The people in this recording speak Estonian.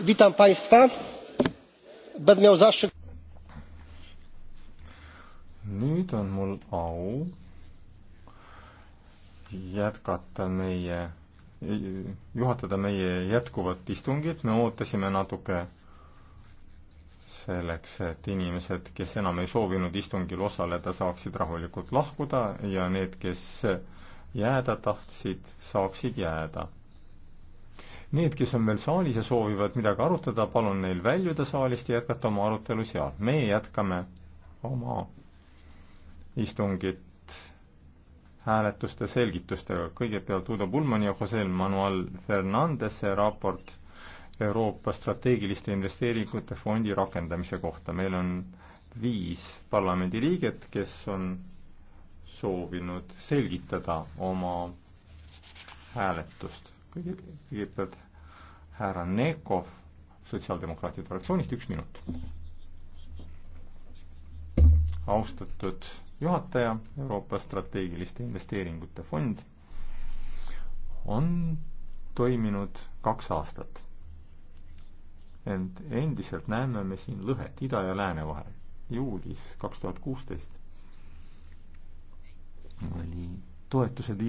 witam państwa będę miał zaszczyt nüüd on mul au jätkata meie juhatada meie jätkuvat istungit me ootasime natuke selleks, et inimesed, kes enam ei soovinud istungil osaleda, saaksid rahulikult lahkuda ja need, kes jääda tahtsid, saaksid jääda Need, kes on veel saalis ja soovivad midagi arutada, palun neil väljuda saalist ja jätkata oma arutelu seal. meie jätkame oma istungit hääletuste selgitustega. kõigepealt Udo Pulmani ja Jose Manuel Fernandese raport Euroopa strateegiliste investeeringute fondi rakendamise kohta. meil on viis parlamendiliiget, kes on soovinud selgitada oma hääletust kõige, kõigepealt härra Nekov Sotsiaaldemokraatide fraktsioonist, üks minut. austatud juhataja, Euroopa strateegiliste investeeringute fond on toiminud kaks aastat. ent endiselt näeme me siin lõhet ida ja lääne vahel. juulis kaks tuhat kuusteist oli toetused